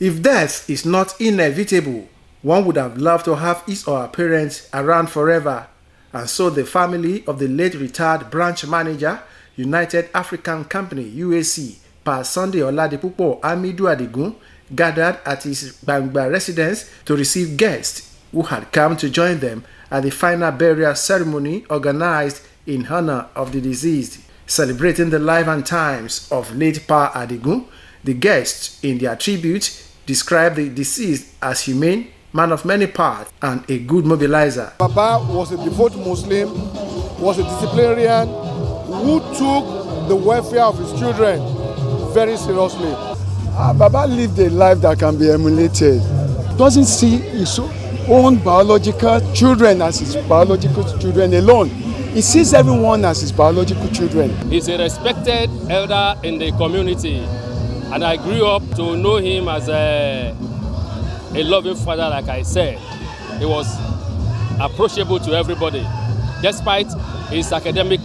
If death is not inevitable, one would have loved to have his or her parents around forever. And so the family of the late retired branch manager, United African Company UAC, Pa Sunday Oladipupo Amidu Adigun, gathered at his Bangba residence to receive guests who had come to join them at the final burial ceremony organized in honor of the deceased. Celebrating the life and times of late Pa Adigun, the guests in their tribute described the deceased as humane, man of many parts, and a good mobilizer. Baba was a devout Muslim, was a disciplinarian who took the welfare of his children very seriously. Uh, Baba lived a life that can be emulated. Doesn't see his own biological children as his biological children alone. He sees everyone as his biological children. He's a respected elder in the community. And I grew up to know him as a, a loving father, like I said. He was approachable to everybody, despite his academic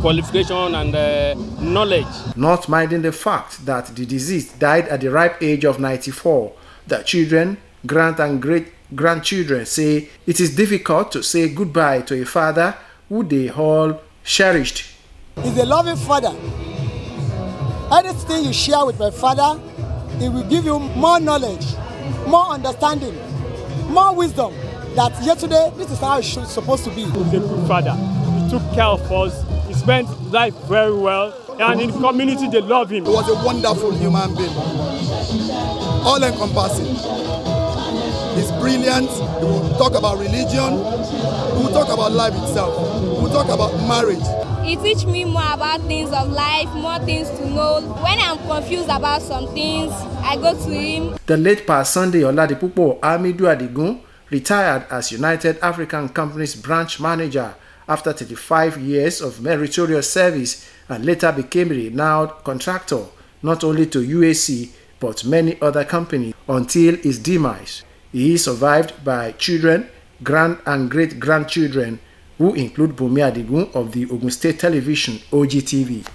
qualification and uh, knowledge. Not minding the fact that the deceased died at the ripe age of 94, the children, grand and great grandchildren say it is difficult to say goodbye to a father who they all cherished. He's a loving father Anything you share with my father, it will give you more knowledge, more understanding, more wisdom that yesterday this is how it should supposed to be. He's a good father. He took care of us. He spent life very well. And in the community, they love him. He was a wonderful human being, all encompassing. He's brilliant. He will talk about religion. He will talk about life itself. He will talk about marriage. It teach me more about things of life, more things to know. When I'm confused about some things, I go to him. The late past Sunday Oladipupo Amidu Adigun retired as United African Company's branch manager after 35 years of meritorious service and later became a renowned contractor not only to UAC but many other companies until his demise. He is survived by children, grand and great grandchildren who include Bumi Adigun of the Ogun State Television, OGTV.